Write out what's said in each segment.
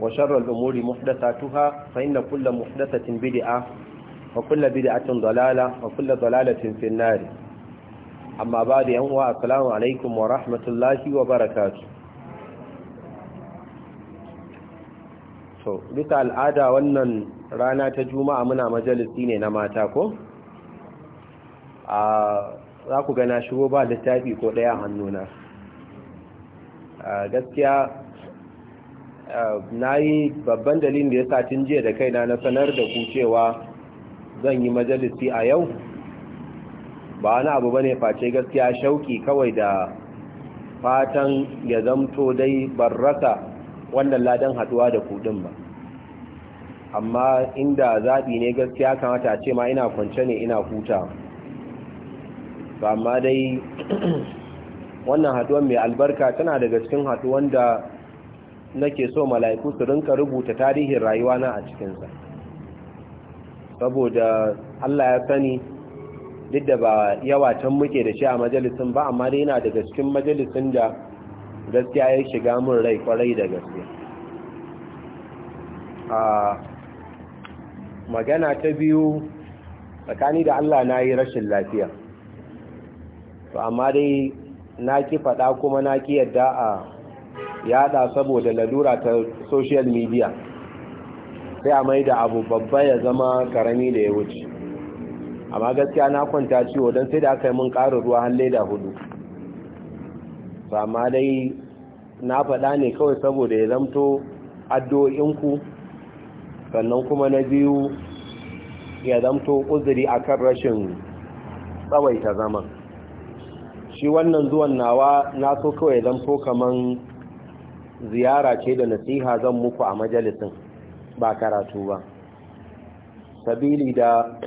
وشر الأمور محدثاتها فإن كل محدثة بدعة وكل بدعة ضلالة وكل ضلالة في النار أما بعد أنواع السلام عليكم ورحمة الله وبركاته bisa al'ada wannan rana ta juma'a muna majalisi ne na mata ko? za ku gana shigo ba littafi ko ɗaya hannuna gaskiya na yi babban dalilin da ya sa jiya da kaina na sanar da ku cewa zan yi majalisi a yau ba wani abu ba ne face gaskiya shauki kawai da fatan ya zamto dai barrasa wannan ladan haduwa da kudin ba amma inda zaɓi ne gaskiya kamata a ce ma ina kwance ne ina huta ba ma dai wannan haduwan mai albarka tana daga cikin haduwan da nake so mala'iku su rinka rubuta tarihin rayuwa na a cikinsa saboda Allah ya sani duk da ba yawa can muke da shi a majalisun ba amma dai yana daga cikin majalisun da gaskiya ya shiga mun rai kwarai da gaske a magana ta biyu tsakani da Allah na yi rashin lafiya to amma dai na ki faɗa kuma na ki yadda a ya da saboda lalura ta social media sai a mai da abu babba ya zama karami da ya wuce amma gaskiya na kwanta ciwo don sai da aka yi mun karin ruwa har leda hudu amma dai na faɗa ne kawai saboda ya zamto addu'o'inku sannan kuma na biyu ya zamto uzuri akan rashin tsawaita zama. shi wannan zuwan nawa na so kawai ya zamto kaman ziyara ce da nasiha zan muku a majalisin ba karatu ba sabili da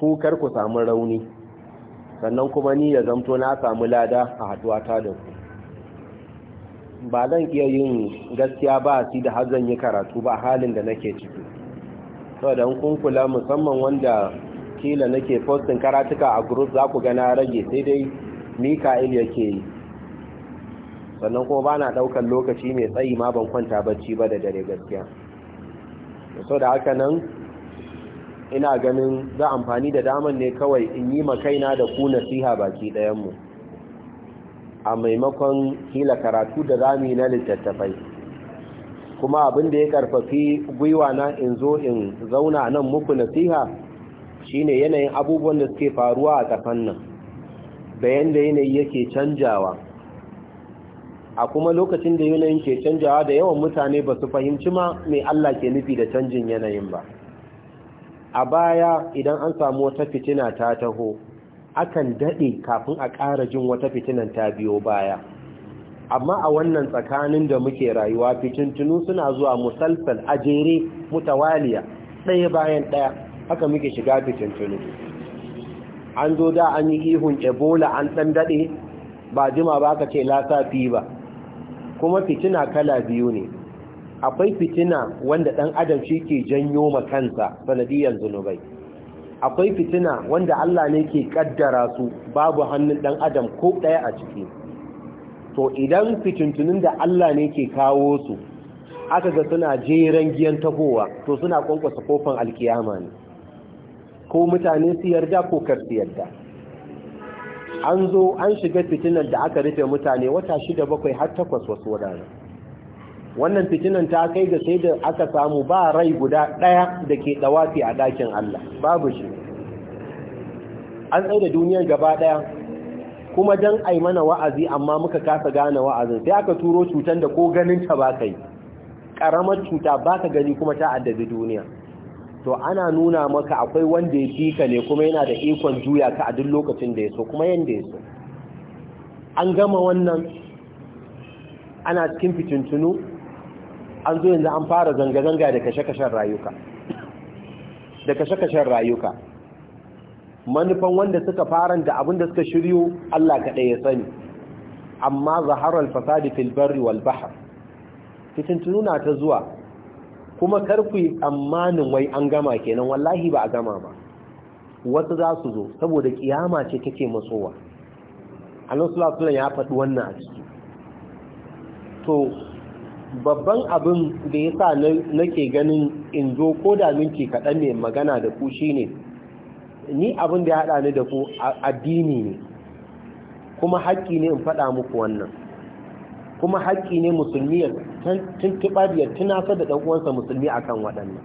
kukar ku samu rauni sannan kuma ni ya zamto na samu lada a haduwata da ku ba zan iya yin gaskiya ba si da har zan yi karatu ba halin da nake ciki saboda kun kula musamman wanda kila nake postin karatuka a group za ku gana rage sai dai mika'il yake yi sannan kuma ba na ɗaukan lokaci mai tsayi ma ban kwanta bacci ba da dare gaskiya so da haka nan ina ganin za amfani da daman ne kawai in yi makaina da ku nasiha baki ɗayanmu a maimakon hila karatu da zami na littattafai kuma abin da ya karfafi gwiwa na in zo in zauna nan muku nasiha shine yanayin abubuwan da suke faruwa a ƙafan nan da yanda yanayi yake canjawa a kuma lokacin da yanayin ke canjawa da yawan mutane ba su fahimci ma mai Allah ke nufi da canjin yanayin ba a baya idan an samu wata fitina ta taho akan daɗe kafin a ƙara jin wata fitinan ta biyo baya amma a wannan tsakanin da muke rayuwa fitintunu suna zuwa musalsal a jere mutawaliya ɗaya bayan ɗaya haka muke shiga fitintunu an zo da an yi ihun ebola an ɗan daɗe ba jima ba ka ce lasafi ba kuma fitina kala biyu ne akwai fitina wanda ɗan adam shi ke janyo makansa sanadiyar zunubai akwai fitina wanda Allah ne ke kaddara su babu hannun ɗan adam ko ɗaya a ciki to idan fitintunin da Allah ne ke kawo su aka ga suna jeran giyan tahowa to suna kwankwasa kofin alkiyama ne ko mutane su yarda ko kar su yarda an zo an shiga fitinan da aka rufe mutane wata shida bakwai har takwas wasu wadana wannan fitinan ta kai ga sai da aka samu ba rai guda ɗaya da ke ɗawafi a ɗakin Allah babu shi an tsaye da duniyar gaba ɗaya kuma don ai mana wa'azi amma muka kasa gane wa'azin sai aka turo cutar da ko ganin ta ba kai ƙaramar cuta ba ka gani kuma ta addabi duniya to ana nuna maka akwai wanda ya fika ne kuma yana da ikon juya ka a duk lokacin da ya so kuma yanda ya so an gama wannan ana cikin fitintunu an zo yanzu an fara zanga-zanga da kashe-kashen rayuka da kashe-kashen rayuka manufan wanda suka fara da abin da suka shiryo Allah kaɗai ya sani amma zaharar fasadi fil barri wal bahar fitintunu na ta zuwa kuma karku yi tsammanin wai an gama kenan wallahi ba a gama ba wasu za su zo saboda kiyama ce take matsowa annan sulasulan ya faɗi wannan a ciki to babban abin da yasa nake ganin in zo ko da minti kaɗan ne magana da ku shine, ni abin da ya haɗa ni da ku addini ne kuma haƙƙi ne in faɗa muku wannan kuma haƙƙi ne musulmiyar tuntuɓa da ya tunasa da ɗan’uwansa uwansa musulmi akan waɗannan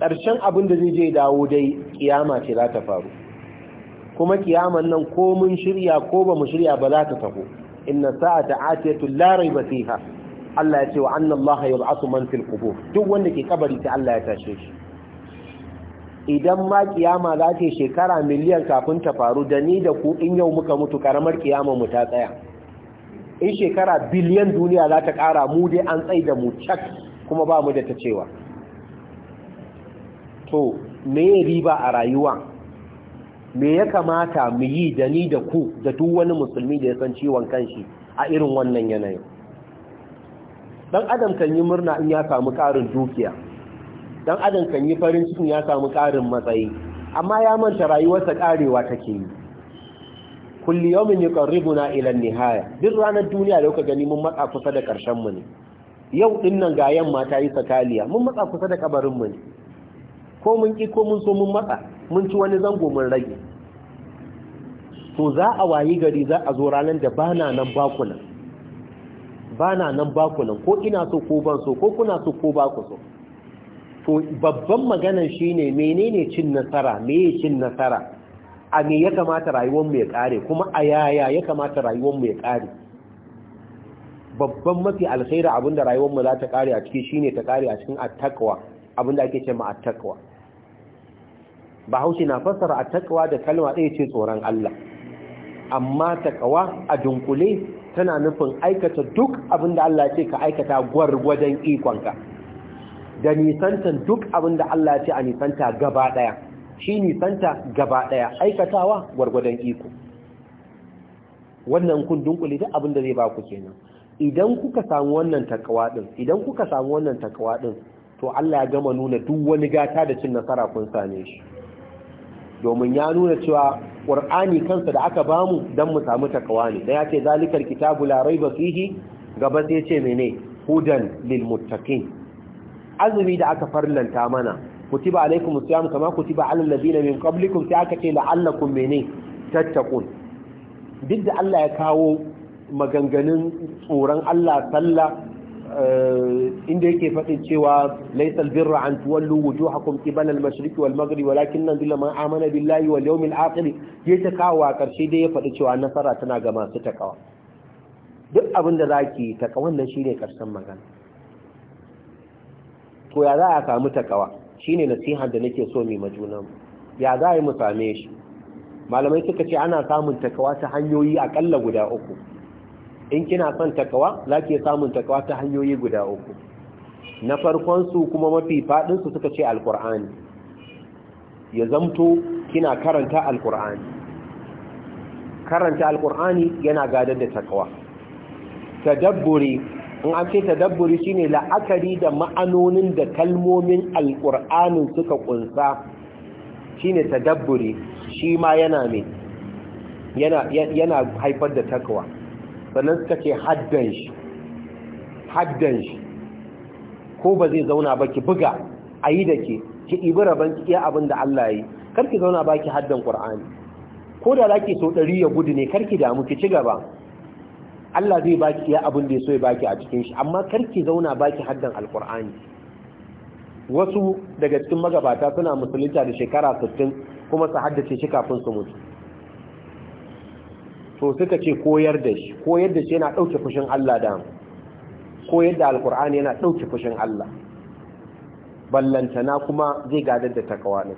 ƙarshen abin da zai je dawo dai kiyama ce za ta faru kuma kiyaman nan ko mun shirya ko ba mu shirya ba za ta taho inna sa'ata atiyatu la rayba fiha Allah ya ce wa anna Allah yub'asu man fil duk wanda ke kabari sai Allah ya tashe shi idan ma kiyama za ta shekara miliyan kafin ta faru da ni da ku in yau muka mutu karamar kiyama mu ta tsaya in shekara biliyan duniya za ta ƙara mu dai an tsai da mu cak kuma ba mu da ta cewa to me riba a rayuwa me ya kamata mu yi da ni da ku da duk wani musulmi da ya san ciwon kanshi a irin wannan yanayin dan adam kan yi murna in ya samu ƙarin dukiya dan adam kan yi farin cikin ya samu ƙarin matsayi amma ya manta rayuwarsa ƙarewa take yi kulli yawmin yuqarribuna ila an-nihaya duk ranar duniya da kuka gani mun matsa kusa da karshen mu ne yau din nan ga yamma ta yi sakaliya mun matsa kusa da kabarin mu ne ko mun ki ko mun so mun matsa mun ci wani zango mun rage to za a wayi gari za a zo ranar da bana nan bakunan bana nan bakunan ko ina so ko ban so ko kuna so ko ba ku so to babban maganar shine menene cin nasara meye cin nasara a me ya kamata rayuwarmu ya kare kuma a yaya ya kamata mu ya kare babban mafi alkhairi abinda mu za ta kare a ciki shine ta kare a cikin attaqwa abinda ake ce ma attaqwa bahaushe na fassara attaqwa da kalma ɗaya ce tsoron Allah amma taqwa a dunkule tana nufin aikata duk abinda Allah ya ka aikata gwargwadon ikonka da nisantan duk abinda Allah ya ce a nisanta gaba ɗaya shi nisanta gaba ɗaya aikatawa gwargwadon iko wannan kun dunkule duk abin da zai ba ku kenan idan kuka samu wannan takawa ɗin, idan kuka samu wannan takawa ɗin, to Allah ya gama nuna duk wani gata da cin nasara kun same shi domin ya nuna cewa ƙwar'ani kansa da aka bamu don mu samu takawa ne ya yace zalikar kitabu Larai ba fihi gaba sai ce mene hudan lil muttaqin azumi da aka farlanta mana kutiba alaikum siyam kama kutiba alal ladina min qablikum sai aka ce la'allakum mene tattaqun duk da Allah ya kawo maganganun tsoron Allah sallah eh, inda yake faɗin cewa laysal birra an tuwallu wujuhakum qibala al-mashriqi wal maghribi walakin dilla man amana billahi wal yawmil akhir ya ta kawo karshe dai ya faɗi cewa nasara tana ga masu takawa duk abin da zaki takawan nan shine karshen magana to ya za a samu takawa shine nasihar da nake so mai majuna ya za a mu same shi malamai suka ce ana samun takawa ta hanyoyi akalla guda uku in kina son takawa za ke samun takawa ta hanyoyi guda uku na farkon su kuma mafi faɗinsu su suka ce alkur'ani ya zamto kina karanta alkur'ani karanta alkur'ani yana gadar da takawa dabbure in an ce tadabburi shine la'akari da ma'anonin da kalmomin alƙur'anin suka ƙunsa shine tadabburi shi ma yana ne yana haifar da takwa sannan suka ce haddan shi haddan shi ko ba zai zauna ba ki buga a yi da ke ki ibi rabon iya abin da Allah yi karki zauna ba ki haddan ƙur'ani ko da za ki so ɗari ya gudu ne karki damu ki ci gaba Allah zai baki ya abin da ya so ya baki a cikin shi amma karki zauna baki haddan alkur'ani wasu daga cikin magabata suna musulunta da shekara 60 kuma su haddace shi kafin su mutu to suka ce koyar da shi koyar da shi yana dauke fushin Allah da koyar da alkur'ani yana ɗauke fushin Allah ballantana kuma zai gadar da takawa ne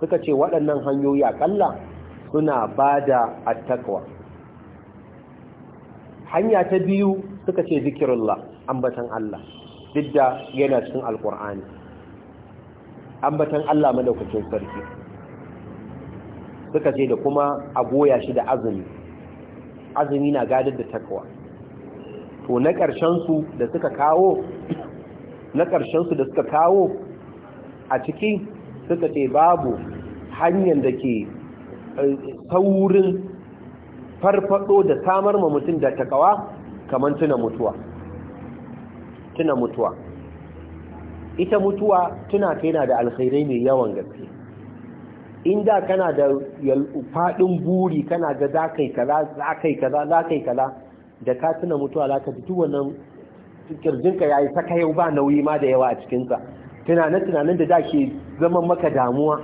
suka ce waɗannan hanyoyi akalla suna bada da taqwa hanya ta biyu suka ce zikirullah ambatan Allah duk da yana cikin alkur'ani ambatan Allah madaukakin sarki suka ce da kuma a goya shi da azumi azumi na gadar da takwa to na ƙarshensu da suka kawo na ƙarshensu da suka kawo a ciki suka ce babu hanyar da ke eh, saurin farfado da samar ma mutum da takawa kamar tuna mutuwa tuna mutuwa ita mutuwa tuna ka yana da alkhairai mai yawan gaske inda kana da faɗin buri kana ga za kai kaza za kai kaza za kai kaza da ka tuna mutuwa za ka fito wannan kirjinka ya yi saka yau ba nauyi ma da yawa a cikinsa tunanen-tunanen da za ke zama maka damuwa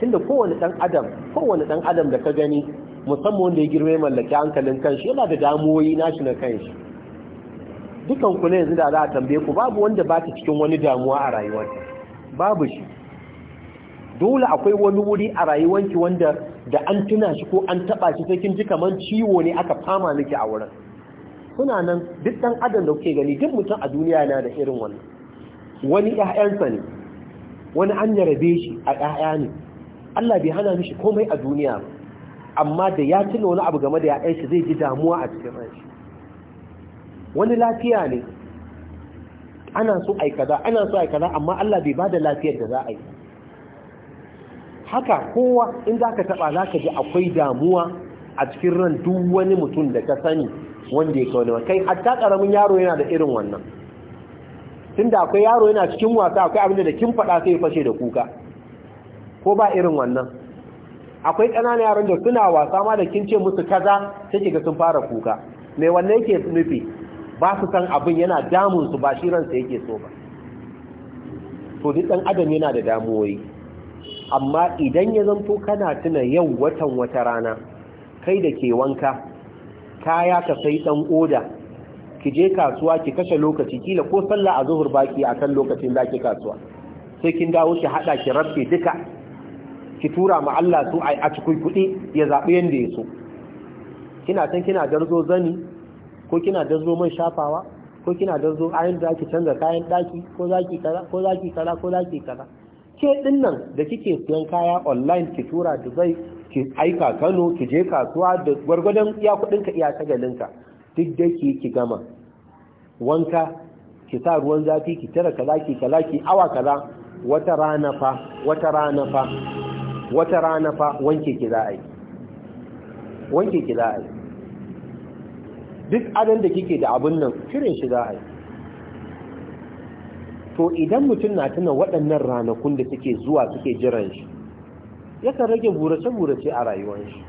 tunda kowane ɗan adam kowane ɗan adam da ka gani musamman wanda ya girma ya mallaki hankalin kanshi yana da damuwoyi nashi na kanshi dukan ku ne yanzu da za a tambaye ku babu wanda ba ta cikin wani damuwa a rayuwarta babu shi dole akwai wani wuri a rayuwarki wanda da an tuna shi ko an taba shi sai kin ji kaman ciwo ne aka fama miki a wurin kuna nan duk dan adam da kuke gani duk mutum a duniya yana da irin wannan wani ƴaƴansa ne wani an yarabe shi a ƴaƴa ne Allah bai hana mishi komai a duniya ba amma da ya tuna wani abu game da ya'yan shi zai ji damuwa a cikin ranshi wani lafiya ne ana so aikada ana so aikada amma Allah bai bada lafiyar da za a yi haka kowa in zaka taba zaka ji akwai damuwa a cikin ran duk wani mutum da ka sani wanda ya kawo kai hatta karamin yaro yana da irin wannan tun da akwai yaro yana cikin wasa akwai abin da kin faɗa sai ya fashe da kuka ko ba irin wannan akwai ƙananan yaran da suna wasa ma da kin ce musu kaza sai kiga sun fara kuka me wannan yake nufi ba su san abin yana damun su ba shi ransa yake so ba to duk dan adam yana da damuwoyi amma idan ya zanto kana tuna yau watan wata rana kai da ke wanka kaya ka sai dan oda ki je kasuwa ki kashe lokaci kila ko sallah a zuhur baki akan lokacin da ke kasuwa sai kin dawo ki hada ki rabbe duka ki tura ma Allah su a cikin kuɗi ya zaɓi yadda ya so kina can kina darzo zani ko kina darzo man shafawa ko kina darzo ayin da ake canza kayan ɗaki ko zaki kaza ko zaki kaza ko ke din nan da kike siyan kaya online ki tura Dubai ki aika Kano ki je kasuwa da gwargwadon iya kuɗin iya tagalin ka duk da ke ki gama wanka ki sa ruwan zafi ki tara kaza ki kaza ki awa kaza wata rana fa wata rana fa wata rana fa wanke ki za a yi wanke ki za a yi duk adan da kike da abun nan shirin shi za a yi to idan mutum na tuna waɗannan ranakun da suke zuwa suke jiran shi yakan rage burace-burace a rayuwar shi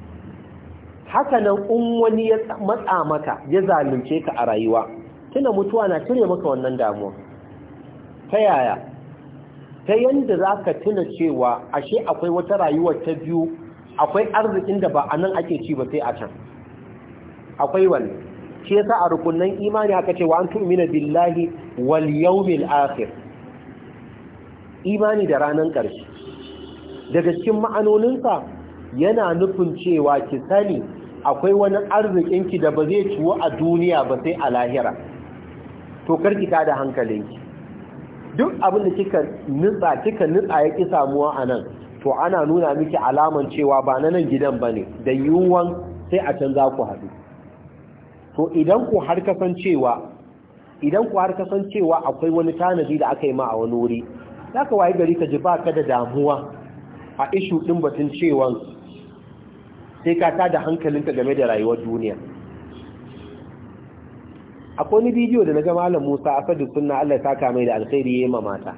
haka nan in wani ya matsa maka ya zalunce ka a rayuwa tuna mutuwa na cire maka wannan damuwa ta yaya ta yadda za ka tuna cewa ashe akwai wata rayuwa ta biyu akwai arzikin da ba a nan ake ci ba sai a can akwai wani shi yasa a rukunan imani aka ce wa an tu'mina billahi wal yawmil akhir imani da ranan karshe daga cikin ma'anoninsa yana nufin cewa ki sani akwai wani arzikinki da ba zai ciwo a duniya ba sai a lahira to karki ta da hankalinki duk abin da kika nitsa kika nutsa ya ki samuwa a nan to ana nuna miki alaman cewa ba na nan gidan ba ne da yiwuwan sai a can za ku haɗu to idan ku har cewa idan ku har cewa akwai wani tanadi da aka yi ma a wani wuri za ka waye gari ka ji ba ka da damuwa a ishu ɗin batun cewa sai ka tada hankalinka game da rayuwar duniya akwai wani bidiyo da na ga malam Musa Asadu sunna Allah ya saka mai da alkhairi yayin mamata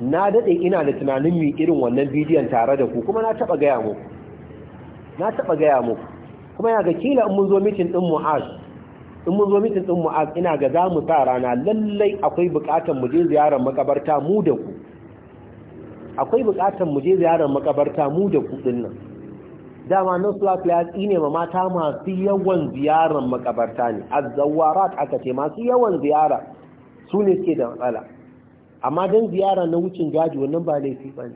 na dade ina da tunanin mi irin wannan bidiyon tare da ku kuma na taba gaya muku na taba gaya muku kuma ya ga kila in mun zo meeting din Mu'az in mun zo meeting din Mu'az ina ga za mu sa rana lallai akwai bukatun mu je ziyarar makabarta mu da ku akwai bukatun mu je ziyarar makabarta mu da ku dinnan dama nan sulatu ya tsine ma mata masu yawan ziyarar makabarta ne azzawarat aka ce masu yawan ziyara su ne suke da matsala amma don ziyara na wucin gaji wannan ba laifi ba ne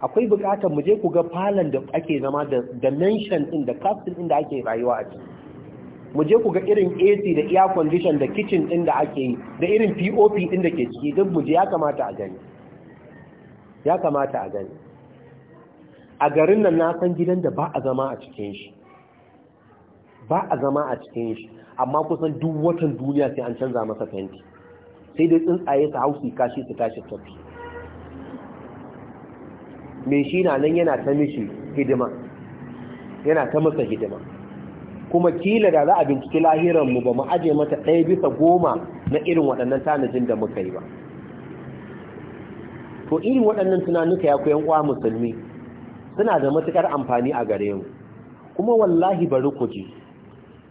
akwai bukatar mu je ku ga falon da ake zama da mention din da kafin inda da ake rayuwa a ciki mu je ku ga irin AC da air condition da kitchen din da ake yi da irin POP din da ke ciki duk mu je ya kamata a gani ya kamata a gani a garin nan na san gidan da ba a zama a cikin shi ba a zama a cikin shi amma kusan duk watan duniya sai an canza masa fenti sai dai tsuntsaye su hausi kashi su tashi tafi me shi na nan yana ta mishi hidima yana ta masa hidima kuma kila da za a binciki mu ba mu aje mata ɗaya bisa goma na irin waɗannan tanajin da muka yi ba to irin waɗannan tunanuka ya 'yan kwa musulmi suna da matukar amfani a gare mu kuma wallahi bari ku ji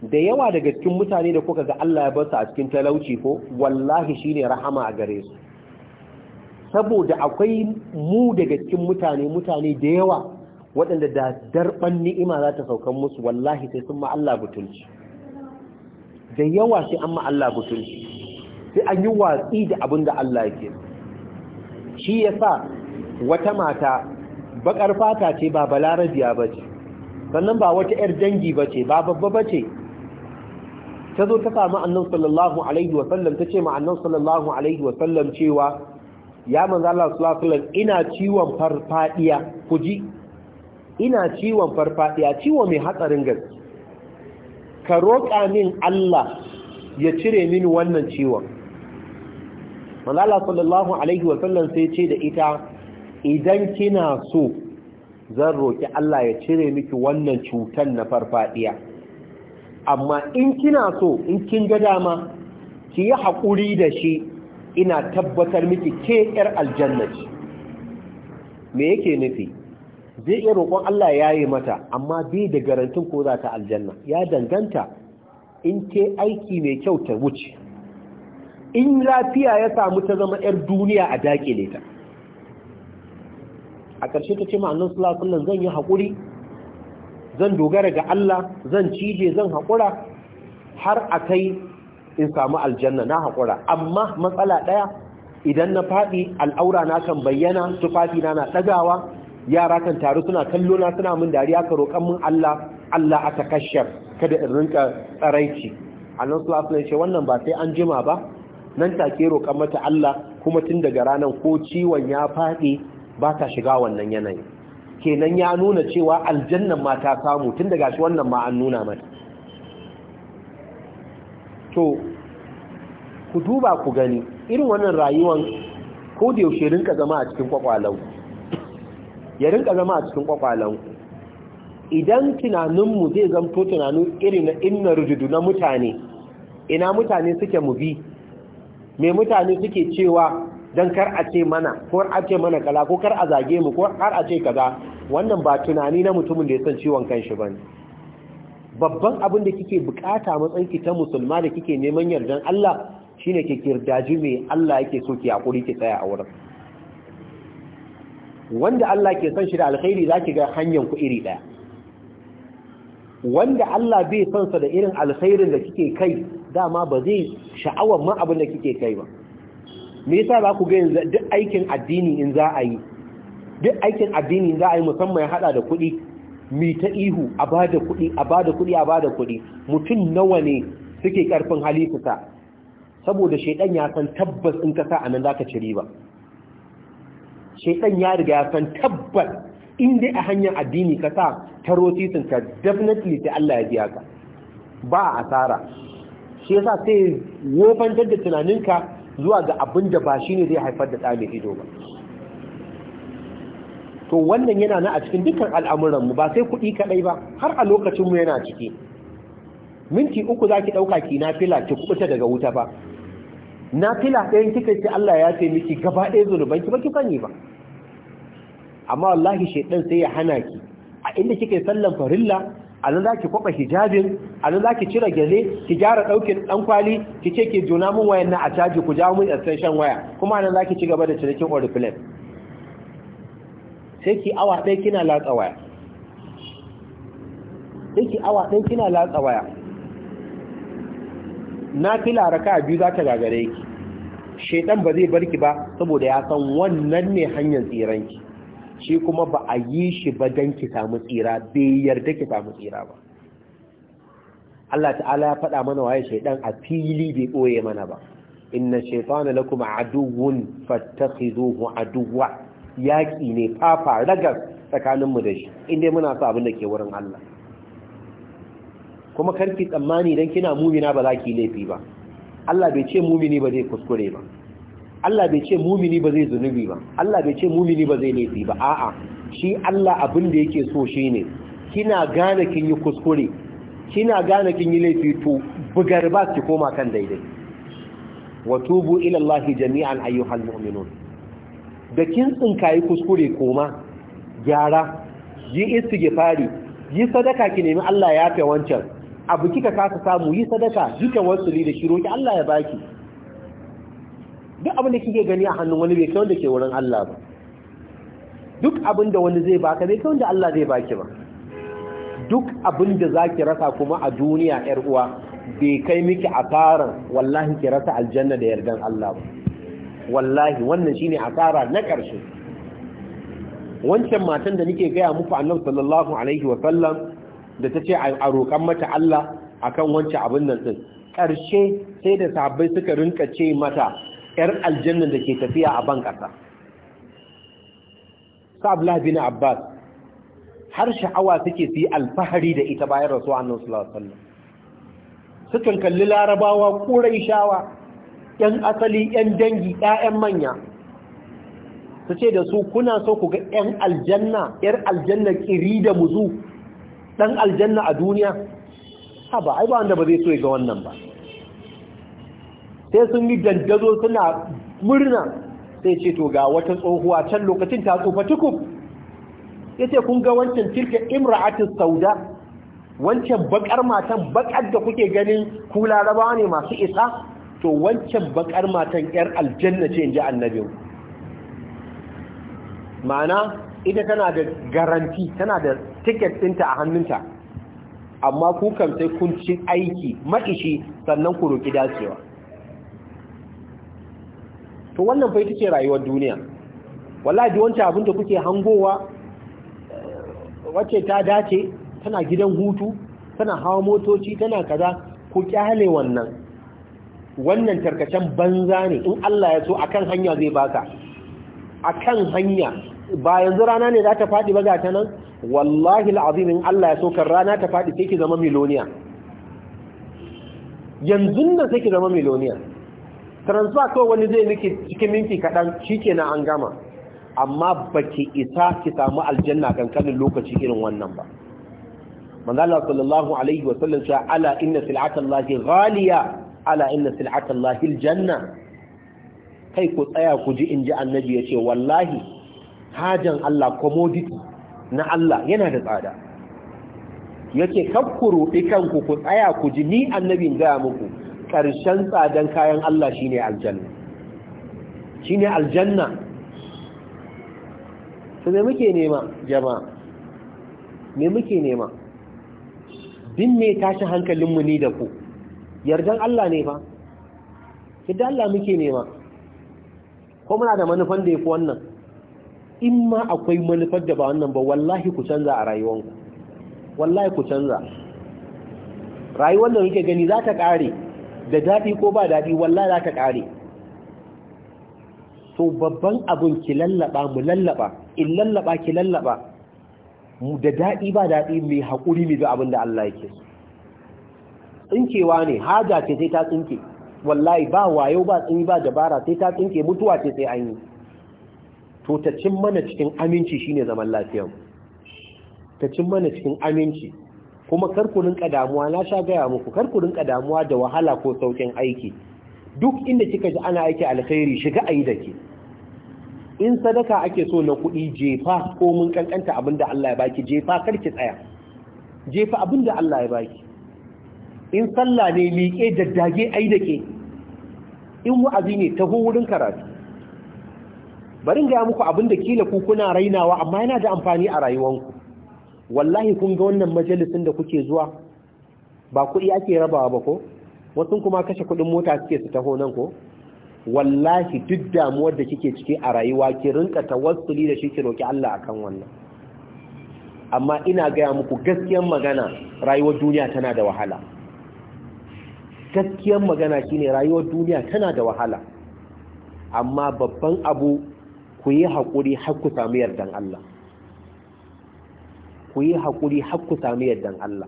da yawa daga cikin mutane da kuka ga Allah ya basu a cikin talauci ko wallahi shine rahama a gare su saboda akwai mu daga cikin mutane mutane da yawa waɗanda da darban ni'ima za ta saukan musu wallahi sai sun ma Allah da yawa sai an ma Allah butulci sai an yi watsi da abin da Allah yake shi yasa wata mata bakar fata ce ba balarabiya ba ce sannan ba wata 'yar dangi ba ce ba babba ba ce ta zo ta samu annan sallallahu alaihi wasallam ta ce ma annan sallallahu alaihi wasallam cewa ya manzala sulasulan ina ciwon farfadiya ku ji ina ciwon farfadiya ciwo mai hatsarin gaske ka roƙa min Allah ya cire min wannan ciwon allah sallallahu alaihi wasallam sai ce da ita idan kina so zan roki Allah ya cire miki wannan cutar na farfadiya amma in kina so in kin ga dama ki yi haƙuri da shi ina tabbatar miki ke ƴar aljanna ce me yake nufi zai iya roƙon Allah ya yi mata amma bai da garantin ko za ta aljanna ya danganta in ke aiki mai kyau ta wuce in lafiya ya samu ta zama 'yar duniya a dakile ta a ƙarshe ta ce ma annan sulasullan zan yi haƙuri zan dogara ga Allah zan cije zan haƙura har a kai in samu aljanna na haƙura amma matsala ɗaya idan na faɗi al'aura na kan bayyana tufafi na na ɗagawa yara kan taru suna kallo na suna min dariya ka roƙan min Allah Allah aka kashar kada in rinka tsaraici annan sulasullan ce wannan ba sai an jima ba nan take roƙan mata Allah kuma tun daga ranar ko ciwon ya faɗi ba ta shiga wannan yanayi kenan ya nuna cewa aljannan ma ta samu tun daga shi wannan ma an nuna mata to ku duba ku gani irin wannan rayuwan ko da yaushe rinka zama a cikin kwakwalan ya rinka zama a cikin kwakwalan idan tunaninmu zai zamto tunanin irin na inna rududu na mutane ina mutane suke mu bi me mutane suke cewa don kar a ce mana ko a ce mana kala ko kar a zage mu ko har a ce kaza wannan ba tunani na mutumin da ya san ciwon kanshi bane babban abin da kike bukata matsayin ki ta musulma da kike neman yardan Allah shine ke kirdaji me Allah yake so ki hakuri ki tsaya a wurin wanda Allah ke san shi da alkhairi zaki ga hanyar ku iri daya wanda Allah bai san sa da irin alkhairin da kike kai dama ba zai sha'awar ma abin da kike kai ba me yasa za ku ga yanzu duk aikin addini in za a yi duk aikin addini za a yi musamman ya hada da kuɗi mi ta ihu a ba da kuɗi a ba da kuɗi a ba da kuɗi mutum nawa ne suke karfin hali su saboda shaidan ya san tabbas in ka sa a za zaka ci riba shaidan ya riga ya san tabbas in dai a hanyar addini ka sa roti sun ka definitely sai Allah ya biya ka ba a asara shi yasa sai wofantar da tunaninka zuwa ga abin da ba shi ne zai haifar da tsami da ido ba to wannan yana na a cikin dukkan al'amuranmu ba sai kuɗi kaɗai ba har a lokacinmu yana ciki minti uku za ki ɗauka ki nafila ki kuɓuta daga wuta ba nafila ɗayan kika ce Allah ya ce miki gaba ɗaya zunuban ki ba ki sani ba amma wallahi shaidan sai ya hana ki a inda kike sallan farilla anan za ki kwaba hijabin anan za ki cire gyale ki gyara ɗaukin ɗankwali? kwali ki ce ki juna mun wayan na a caji ku jawo mun extension waya kuma anan za ki ci gaba da cinikin oriflame sai ki awa ɗaya kina latsa waya sai ki awa ɗaya kina latsa waya na fila raka biyu za ta gagare ki shaitan ba zai barki ba saboda ya san wannan ne hanyar tsiranki shi kuma ba a yi shi ba don ki samu tsira bai yarda ki samu tsira ba Allah ta'ala ya faɗa mana waye shaidan a fili bai ɓoye mana ba inna shaitana lakum aduwwun fattakhizuhu aduwwa yaki ne fafa ragar tsakanin mu da shi inda muna sa abin da ke wurin Allah kuma karki tsammani dan kina mumina ba za ki laifi ba Allah bai ce mumini ba zai kuskure ba Allah bai ce mumini ba zai zunubi ba Allah bai ce mumini ba zai laifi ba a'a shi Allah abin da yake so shine kina gane kin yi kuskure kina gane kin yi laifi to bugar ba ki koma kan daidai wa tubu ila jami'an ayyuhal mu'minun da kin tsinkayi kuskure koma gyara yi istighfari yi sadaka ki nemi Allah ya fi wancan abu kika kasa samu yi sadaka duka wasuli da shi roki Allah ya baki duk abin da kike gani a hannun wani bai kai wanda ke wurin Allah ba duk abin da wani zai baka bai kai wanda Allah zai baki ba duk abin da zaki rasa kuma a duniya yar uwa bai kai miki asara, wallahi ki rasa aljanna da yardan Allah ba wallahi wannan shine asara na ƙarshe wancan matan da nake gaya muku annabi sallallahu alaihi wa sallam da tace a roƙan mata Allah akan wancan abin nan din ƙarshe sai da sahabbai suka rinka ce mata ‘yar aljannan da ke tafiya a ban ƙasa sa'abla bin abbas har sha'awa suke su alfahari da ita bayan rasu annan sulawasallam sukan kalli larabawa ƙurai shawa ‘yan asali ‘yan dangi ‘ya'yan manya su ce da su kuna so ku ga ‘yan aljanna ‘yar aljanna ƙiri da muzu ɗan aljanna a duniya ha ba ai ba wanda ba zai so ya ga wannan ba sai sun yi dandazo suna murna sai ce to ga wata tsohuwa can lokacin ta tsofa tukub ya ce kun ga wancan tilka imra'atin sauda wancan bakar matan bakar da kuke ganin ku larabawa ne masu isa to wancan bakar matan yar aljanna ce in ji annabin ma'ana ita tana da garanti tana da tiket ɗinta a hannunta amma kuka sai kun ci aiki ma'ishi sannan ku roki dacewa to wannan fa ita ce rayuwar duniya wallahi wancan abin da kuke hangowa eh, wacce ta dace tana gidan hutu tana hawa motoci tana kaza ku kyale wannan wannan tarkacen banza ne in Allah ya so akan hanya zai baka akan hanya ba yanzu rana ne za ta faɗi ba gata nan wallahi al'azim in Allah ya so kan rana ta faɗi sai ki zama miloniya yanzu nan sai ki zama miloniya transfer kawai wani zai miki cikin minti kaɗan shi na an gama amma baki isa ki samu aljanna kankanin lokaci irin wannan ba manzala sallallahu alaihi wa sallam ala inna sil'atan ghaliya ala inna sil'atan aljanna kai ku tsaya ku ji inji annabi yace wallahi hajan Allah commodity na Allah yana da tsada yake kakkuru kanku ku tsaya ku ji ni in ga muku ƙarshen tsadan kayan Allah ne aljanna ne aljanna su me muke nema jama'a me muke nema din ne tashi hankalinmu ni da ku yardan Allah ne fa da Allah muke nema ko muna da manufan da ya fi wannan in ma akwai manufar da ba wannan ba wallahi ku canza a rayuwanku wallahi ku canza rayuwar da muke gani za ta ƙare da daɗi ko ba daɗi wallah za ka ƙare to babban abin ki lallaba mu lallaba in lallaba ki lallaba da daɗi ba daɗi mai haƙuri mai zo abin da Allah yake tsinkewa ne haja ce sai ta tsinke wallahi ba wayo ba tsini ba dabara sai ta tsinke mutuwa ce sai an yi to ta cin mana cikin aminci shine zaman lafiya ta cin mana cikin aminci kuma karku ku rinka damuwa na sha gaya muku karku damuwa da wahala ko saukin aiki duk inda kika ji ana aiki alkhairi shiga ayi da ke in sadaka ake so na kuɗi jefa ko mun kankanta abin da Allah ya baki jefa kar ki tsaya jefa abin da Allah ya baki in sallah ne miƙe daddage ai da ke in wa'azi ne taho wurin karatu bari ga muku abin da kila ku kuna rainawa amma yana da amfani a rayuwarku. wallahi kun ga wannan majalisin da kuke zuwa ba kuɗi ake rabawa ba ko wasu kuma kashe kuɗin mota suke su taho nan ko wallahi duk damuwar da kike ciki a rayuwa ki rinka tawassuli da shi ki roki Allah akan wannan amma ina gaya muku gaskiyar magana rayuwar duniya tana da wahala gaskiyar magana shine rayuwar duniya tana da wahala amma babban abu ku yi haƙuri har ku samu yardan Allah ku yi haƙuri har ku samu yardan Allah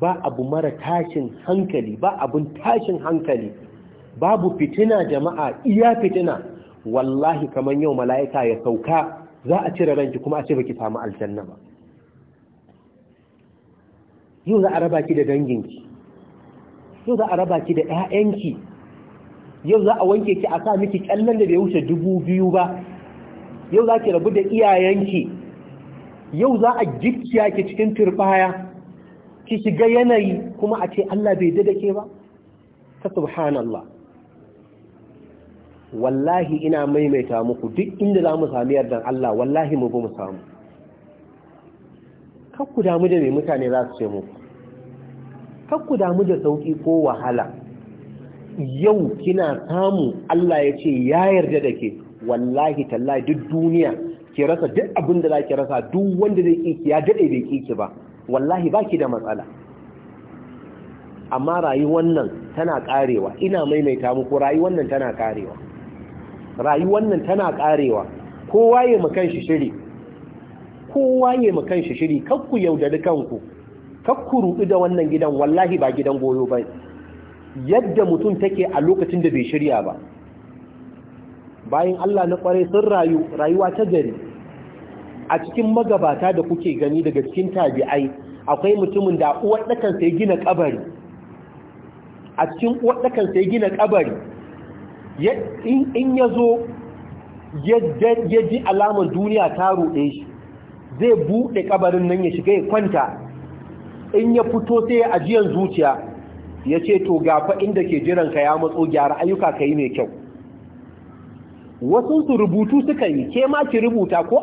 ba abu mara tashin hankali ba abun tashin hankali babu fitina jama'a iya fitina wallahi kamar yau mala'ika ya sauka za a cire ranki kuma a ce baki samu aljanna ba yau za a raba ki da danginki yau za a raba ki da 'ya'yanki yau za a wanke ki a sa miki kallon da bai wuce dubu biyu ba yau za ki rabu da iyayenki yau za a jikiya ke cikin turbaya ki shiga yanayi kuma a ce Allah bai dada ke ba ta subhanallah wallahi ina maimaita muku duk inda za mu sami yardan Allah wallahi mu bi mu samu kakku damu da mai mutane za su ce muku kakku damu da sauki ko wahala yau kina samu Allah ya ce ya yarda da ke wallahi tallahi duk duniya ki rasa duk abin da za ki rasa duk wanda zai ƙi ya daɗe bai ƙi ki ba wallahi ba ki da matsala amma rayuwar nan tana ƙarewa ina maimaita muku rayuwar nan tana ƙarewa rayuwar nan tana ƙarewa kowa ya mu kanshi shiri kowa ya mu kanshi shiri ku yaudari kanku ku ruɗu da wannan gidan wallahi ba gidan goyo ba yadda mutum take a lokacin da bai shirya ba bayan Allah na kware sun rayu rayuwa ta gari a cikin magabata da kuke gani daga cikin tabi'ai akwai mutumin da uwarɗakan sai gina kabari a cikin uwarɗakan sai gina kabari in ya zo ya ji alamar duniya ta ruɗe shi zai buɗe ƙabarin nan ya shiga ya kwanta in ya fito sai ajiyan zuciya ya ce to gafa inda ke jiran ka ya matso gyara ayyuka ka yi mai kyau wasu su rubutu suka yi ke ma ki rubuta ko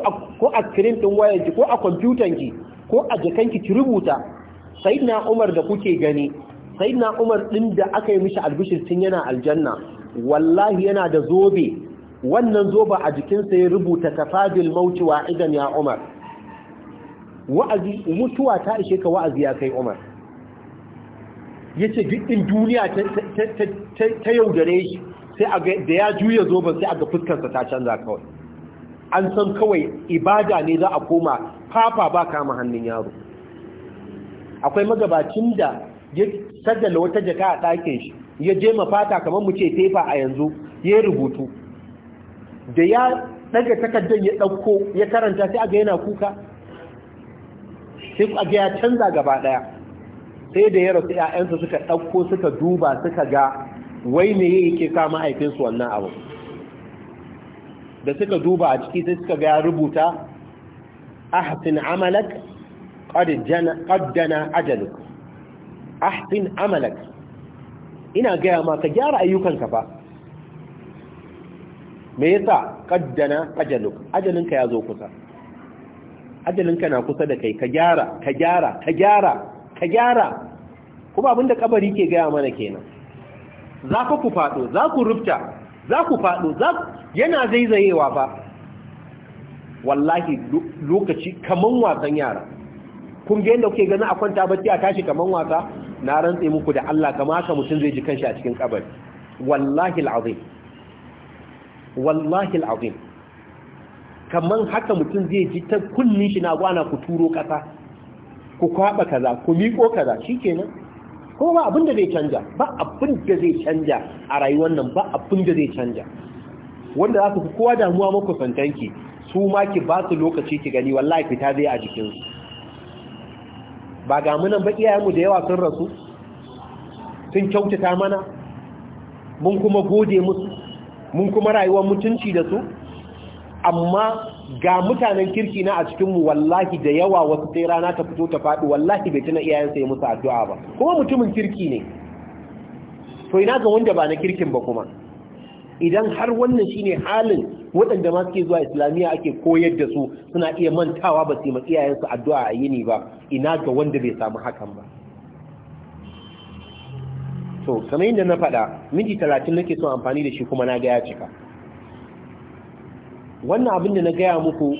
a screen din wayanki ko a kwamfutan ki ko a jakan ki ki rubuta sayyidina Umar da kuke gani sayyidina Umar din da aka yi mishi albishir tun yana aljanna wallahi yana da zobe wannan zoba a jikinsa ya rubuta tafadil mauti idan ya Umar wa'azi mutuwa ta ishe ka wa'azi ya kai Umar yace duk din duniya ta yaudare shi sai a da ya juya zoben sai a ga fuskarsa ta canza kawai an san kawai ibada ne za a koma fafa ba kama hannun yaro akwai magabacin da ya sadala wata jaka a ɗakin shi ya je mafata kamar mu ce tefa a yanzu ya rubutu da ya ɗaga takardar ya ɗauko ya karanta sai aga yana kuka sai aga ya canza gaba ɗaya sai da ya rasu ‘ya'yansa suka ɗauko suka duba suka ga wai me yake sa mahaifinsu wannan abu da suka duba a ciki sai suka ga ya rubuta ahsin amalak qaddana ajaluk ahsin amalak ina gaya ma ka gyara ayyukanka ba. me yasa kaddana ajaluk ajalinka ya zo kusa ajalinka na kusa da kai ka gyara ka gyara ka gyara ka gyara kuma abinda kabari ke gaya mana kenan za ku ku faɗo za ku rufta za ku faɗo yana zaizayewa ba wallahi lokaci kaman wasan yara kun ga yadda kuke gani a kwanta bacci a tashi kaman wasa na rantse muku da Allah kama haka mutum zai ji kanshi a cikin kabari wallahi alazim wallahi alazim kaman haka mutum zai ji ta kunnin shi na gwana ku turo kasa ku kwaba kaza ku miƙo kaza shikenan ko ba abin da zai canja ba abin da zai canja a rayuwar nan ba abin da zai canja wanda za su fi kowa damuwa santanki su ma ki ba su lokaci ki gani wallahi fita zai a jikinsu ba ga munan ba iyayenmu da yawa sun rasu sun kyautata mana mun kuma gode musu mun kuma rayuwar mutunci da su amma ga mutanen kirki na a cikinmu wallahi da yawa wasu sai rana ta fito ta faɗi wallahi bai tuna iyayensa ya musu addu'a ba kuma mutumin kirki ne to ina ga wanda ba na kirkin ba kuma idan har wannan shine halin waɗanda ma suke zuwa islamiyya ake koyar da su suna iya mantawa ba su yi iyayensu addu'a a yini ba ina ga wanda bai samu hakan ba to kamar yadda na faɗa minti talatin nake so amfani da shi kuma na ga ya cika wannan abin da na gaya muku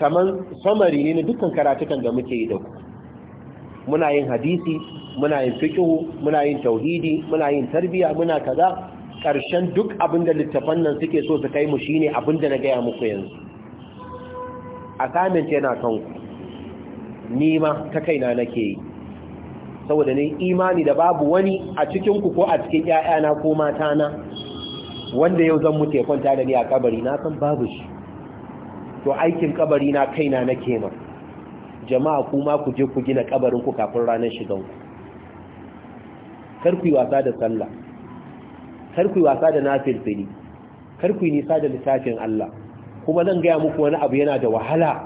kamar samari ne na dukkan karatukan da muke yi da ku muna yin hadisi muna yin fiqhu muna yin tauhidi muna yin tarbiya muna kaza karshen duk abin da littafan nan suke so su kai mu shine abin da na gaya muku yanzu assignment yana kan ku ma ta kaina nake yi saboda ne imani da babu wani a cikin ku ko a cikin ƴaƴana ko matana wanda yau zan mutu ya kwanta da ni a kabari na san babu shi to aikin kabari na kaina na kema jama'a kuma ku je ku gina kabarin ku kafin ranar shigan ku kar ku yi wasa da sallah kar ku yi wasa da nafilfili kar ku yi nisa da littafin Allah kuma zan gaya muku wani abu yana da wahala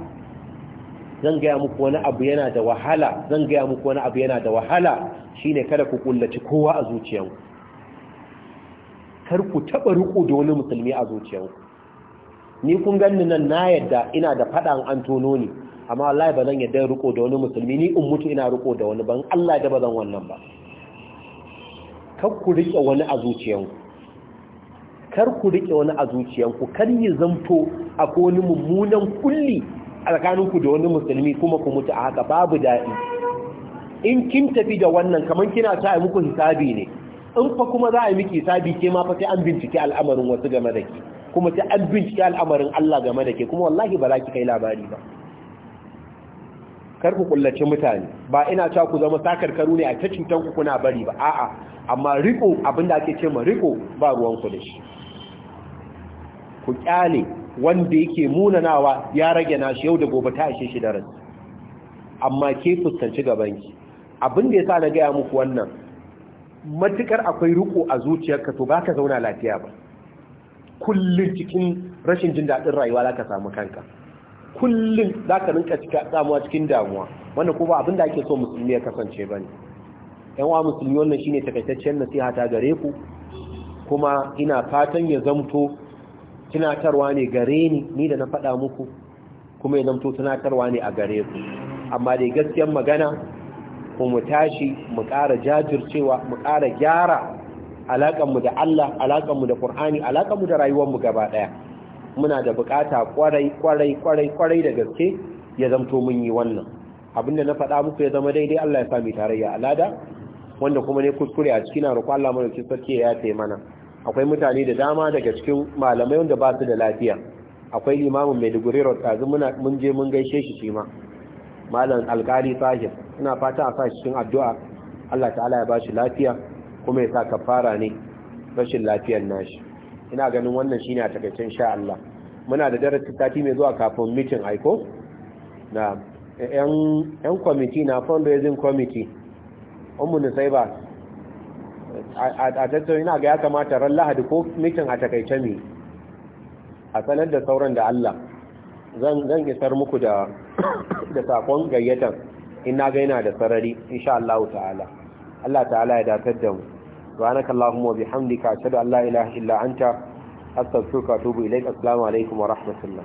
zan gaya muku wani abu yana da wahala zan gaya muku wani abu yana da wahala shine kada ku kullaci kowa a zuciyarku. kar ku taɓa riko da wani musulmi a zuciyarku ni kun ganni nan na yadda ina da faɗan an tono ni amma wallahi ba zan yadda riko da wani musulmi ni in mutu ina riko da wani ban Allah da bazan zan wannan ba kar ku rike wani a zuciyanku kar ku rike wani a zuciyanku kar yi zamto a wani mummunan kulli Alkanun ku da wani musulmi kuma ku mutu a haka babu daɗi in kin tafi da wannan kaman kina ta muku hisabi ne in fa kuma za a yi miki sabi ke ma fa sai an bincike al'amarin wasu game da ke kuma sai an bincike al'amarin Allah game da ke kuma wallahi ba za ki kai labari ba kar ku kullace mutane ba ina cewa ku zama karu ne a ta cutan ku kuna bari ba a'a amma riko da ake ce ma riko ba ruwan ku da shi ku kyale wanda yake munanawa ya rage nashi yau da gobe ta ishe shi da ranci amma ke fuskanci gaban ki? abin da ya sa na gaya muku wannan matukar akwai riko a zuciyarka to ba ka zauna lafiya ba kullum cikin rashin jin daɗin rayuwa za ka samu kanka kullum za ka rinka samuwa cikin damuwa wanda ko ba abin da ake so musulmi ya kasance ba ne yan wa musulmi wannan shine takaitaccen nasiha ta gare ku kuma ina fatan ya zamto tunatarwa ne gare ni ni da na faɗa muku kuma ya zamto tunatarwa ne a gare ku amma dai gaskiyar magana ko mu tashi mu ƙara jajircewa mu ƙara gyara alaƙanmu da Allah alaƙanmu da Ƙur'ani alaƙanmu da rayuwarmu gaba ɗaya muna da buƙata ƙwarai ƙwarai kwarai ƙwarai da gaske ya zamto mun yi wannan abinda na faɗa muku ya zama daidai Allah ya sami tarayya alada wanda kuma ne kuskure a cikin roƙo Allah mana cikin sarki ya yafe mana akwai mutane da dama daga cikin malamai wanda ba su da lafiya akwai limamin mai Road kazu muna mun je mun gaishe shi shi ma malam alkali tahir ina fata a sa cikin addu'a Allah ta'ala ya bashi lafiya kuma ya sa kafara ne rashin lafiyar nashi ina ganin wannan shine a takaicen sha Allah muna da darasi sati mai zuwa kafin mitin aiko na yan kwamiti na fundraising committee ummu nusaiba a tattauni ina ga ya kamata ran lahadi ko mitin a takaice mi a sanar da sauran da Allah zan isar muku da da sakon gayyatan in na ga yana da sarari insha Allah ta'ala Allah ta'ala ya datar da mu subhanaka allahumma wa bihamdika ashhadu an la ilaha illa anta astaghfiruka wa atubu ilaik assalamu alaikum wa rahmatullah